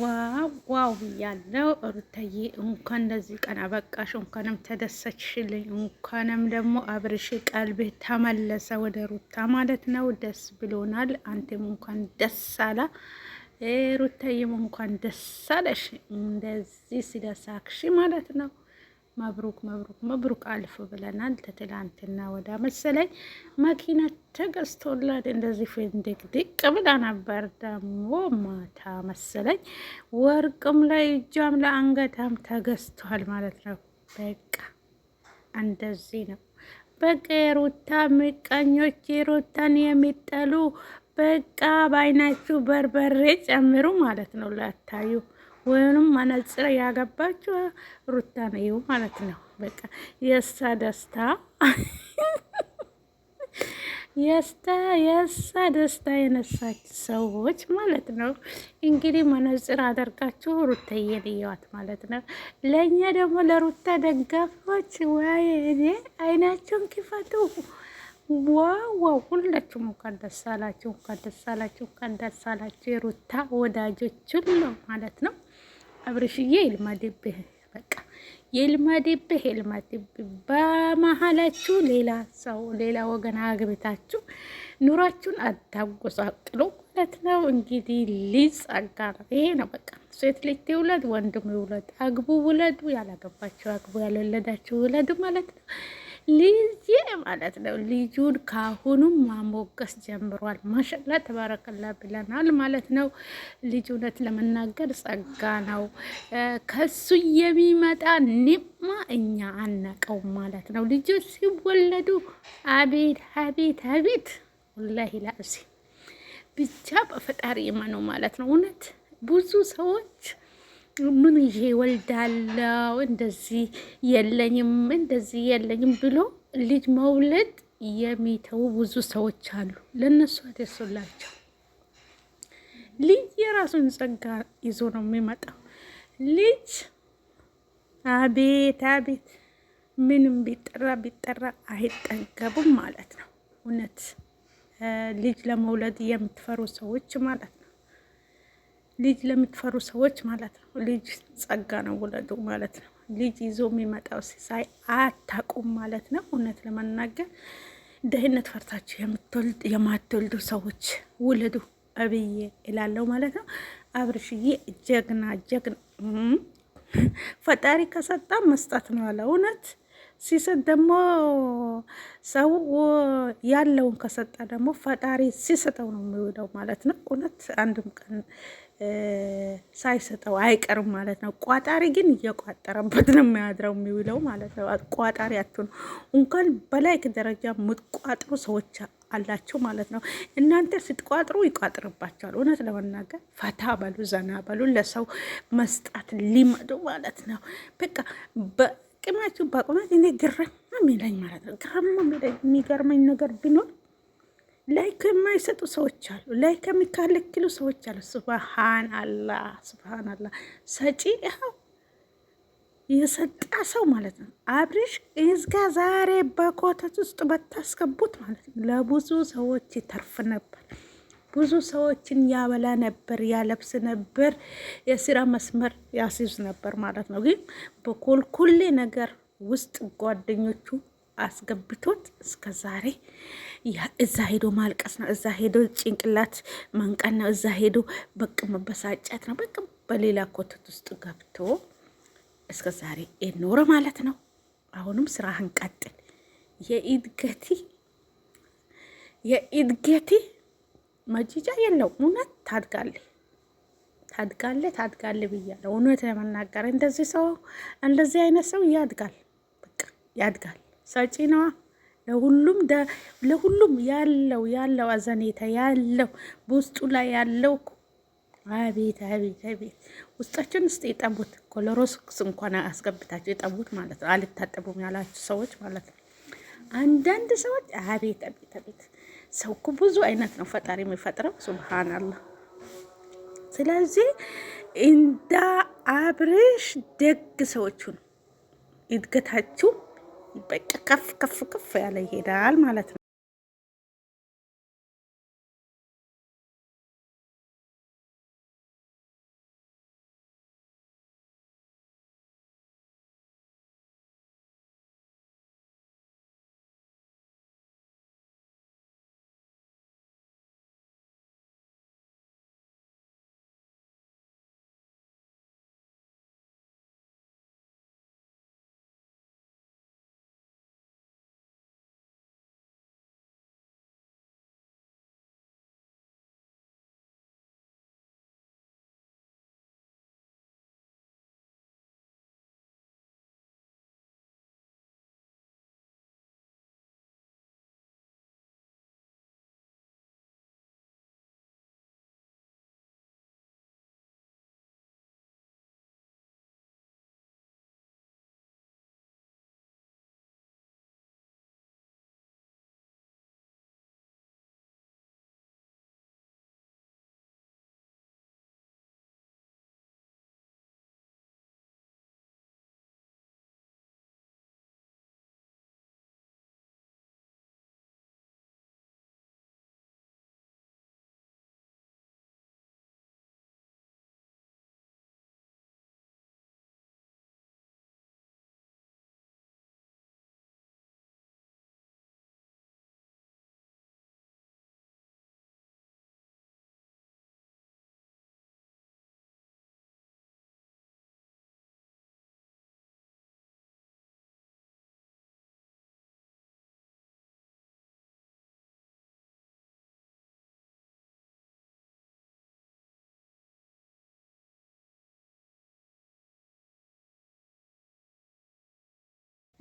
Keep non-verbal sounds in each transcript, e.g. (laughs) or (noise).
ዋው ዋው ያለው ሩታዬ እንኳን እንደዚህ ቀን አበቃሽ፣ እንኳንም ተደሰችሽልኝ፣ እንኳንም ደግሞ አብርሽ ቀልብህ ተመለሰ ወደ ሩታ ማለት ነው። ደስ ብሎናል። አንቴም እንኳን ደስ አላ ሩታዬም እንኳን ደስ አለሽ፣ እንደዚህ ስለሳቅሽ ማለት ነው። መብሩክ መብሩክ መብሩክ አልፍ ብለናል። ተትላንትና ወዳ መሰለኝ መኪና ተገዝቶላት እንደዚህ ፍንድቅድቅ ብላ ነበር። ደግሞ ማታ መሰለኝ ወርቅም ላይ እጇም ለአንገታም ተገዝቷል ማለት ነው። በቃ እንደዚህ ነው። በቃ የሩታ ምቀኞች የሩታን የሚጠሉ በቃ በአይናችሁ በርበሬ ጨምሩ ማለት ነው ላታዩ ወይንም መነጽር ያገባችው ሩታ ነው ማለት ነው። በቃ የሳ ደስታ የስታ (laughs) የሳ ደስታ የነሳች ሰዎች ማለት ነው። እንግዲህ መነጽር አደርጋችሁ ሩታ እየልየዋት ማለት ነው። ለእኛ ደግሞ ለሩታ ደጋፊዎች ወይ እኔ አይናችሁን ክፈቱ። ዋዋ ሁላችሁም እንኳን ደስ አላችሁ፣ እንኳን ደስ አላችሁ፣ እንኳን ደስ አላችሁ የሩታ ወዳጆች ሁሉ ማለት ነው። አብርሽዬ ይልማድብህ፣ በቃ ይልማድብህ፣ ይልማድብህ። በመሀላችሁ ሌላ ሰው ሌላ ወገን አግብታችሁ ኑሯችሁን አታጎሳቅሉ ማለት ነው። እንግዲህ ሊጸጋ ነው። ይሄ ነው በቃ። ሴት ልጅ ትውለድ፣ ወንድም ይውለድ፣ አግቡ፣ ውለዱ። ያላገባችሁ አግቡ፣ ያልወለዳችሁ ውለዱ ማለት ነው። ልጄ ማለት ነው። ልጁን ካሁኑም ማሞገስ ጀምሯል። ማሻላ ተባረከላ ብለናል ማለት ነው። ልጅ እውነት ለመናገር ጸጋ ነው። ከሱ የሚመጣ ኒማ እኛ አነቀው ማለት ነው። ልጆች ሲወለዱ አቤት አቤት አቤት ወላሂ ላዚ ብቻ በፈጣሪ እመኑ ማለት ነው። እውነት ብዙ ሰዎች ምን ይሄ ወልዳለው እንደዚህ የለኝም እንደዚህ የለኝም ብሎ ልጅ መውለድ የሚተው ብዙ ሰዎች አሉ። ለእነሱ አደርሱላቸው። ልጅ የራሱን ጸጋ ይዞ ነው የሚመጣው። ልጅ አቤት አቤት ምንም ቢጠራ ቢጠራ አይጠገቡም ማለት ነው። እውነት ልጅ ለመውለድ የምትፈሩ ሰዎች ማለት ነው። ልጅ ለምትፈሩ ሰዎች ማለት ነው። ልጅ ጸጋ ነው፣ ውለዱ ማለት ነው። ልጅ ይዞ የሚመጣው ሲሳይ አታቁም ማለት ነው። እውነት ለመናገር ደህንነት ፈርታችሁ የማትወልዱ ሰዎች ውለዱ አብዬ እላለሁ ማለት ነው። አብርሽዬ ጀግና ጀግና፣ ፈጣሪ ከሰጣ መስጠት ነው ያለ እውነት ሲሰጥ ደግሞ ሰው ያለውን ከሰጠ ደግሞ ፈጣሪ ሲሰጠው ነው የሚውለው ማለት ነው። እውነት አንድም ቀን ሳይሰጠው አይቀርም ማለት ነው። ቋጣሪ ግን እየቋጠረበት ነው የሚያድረው የሚውለው ማለት ነው። ቋጣሪ አትሆኑ እንኳን በላይክ ደረጃ የምትቋጥሩ ሰዎች አላቸው ማለት ነው። እናንተ ስትቋጥሩ ይቋጥርባቸዋል። እውነት ለመናገር ፈታ በሉ፣ ዘና በሉ፣ ለሰው መስጣት ሊመዱ ማለት ነው በቃ ቂማችሁ በቁመት እኔ ግርም የሚለኝ ማለት ነው። ግርም የሚለኝ የሚገርመኝ ነገር ቢኖር ላይክ የማይሰጡ ሰዎች አሉ። ላይክ የሚካለክሉ ሰዎች አሉ። ስብሃን አላ ስብሃን አላ ሰጪ ይኸው የሰጣ ሰው ማለት ነው። አብሪሽ እዝጋ ዛሬ በኮተት ውስጥ በታስገቡት ማለት ነው ለብዙ ሰዎች ይተርፍ ነበር። ብዙ ሰዎችን ያበላ ነበር፣ ያለብስ ነበር፣ የስራ መስመር ያስይዝ ነበር ማለት ነው። ግን በኮልኮሌ ነገር ውስጥ ጓደኞቹ አስገብቶት እስከ ዛሬ እዛ ሄዶ ማልቀስ ነው፣ እዛ ሄዶ ጭንቅላት መንቀን ነው፣ እዛ ሄዶ በቅ መበሳጨት ነው። በቅ በሌላ ኮተት ውስጥ ገብቶ እስከ ዛሬ የኖረ ማለት ነው። አሁንም ስራህን ቀጥል የኢድገቲ የኢድገቲ መጂጃ የለው። እውነት ታድጋለ ታድጋለ ታድጋለ ብያለ እውነት ለመናገር እንደዚህ ሰው እንደዚህ አይነት ሰው ያድጋል፣ በቃ ያድጋል። ሰጪ ነዋ ለሁሉም ለሁሉም ያለው ያለው አዘኔታ ያለው በውስጡ ላይ ያለው አቤት አቤት አቤት ውስጣችን ውስጥ የጠቡት ኮሎሮስክስ እንኳን አስገብታችሁ የጠቡት ማለት ነው። አልታጠቡም ያላችሁ ሰዎች ማለት ነው። አንዳንድ ሰዎች አቤት አቤት አቤት ሰው እኮ ብዙ አይነት ነው ፈጣሪ የሚፈጥረው። ሱብሃናላህ። ስለዚህ እንዳ አብርሽ ደግ ሰዎቹን እድገታችሁ በቃ ከፍ ከፍ ከፍ ያለ ይሄዳል ማለት ነው።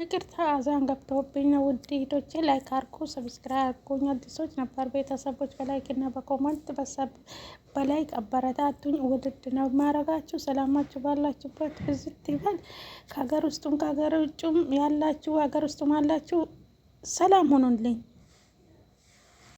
ይቅርታ አዛን ገብተውብኝ ነው። ውድ ሂዶቼ ላይክ አርጉ፣ ሰብስክራይብ አርጉኝ። አዲሶች ነበር ቤተሰቦች በላይክ እና በኮመንት በሰብ በላይክ አበረታቱኝ። ውድድ ነው ማረጋችሁ። ሰላማችሁ ባላችሁበት ብዝት ይበል። ከሀገር ውስጡም ከሀገር ውጭም ያላችሁ ሀገር ውስጡም አላችሁ ሰላም ሆኑልኝ።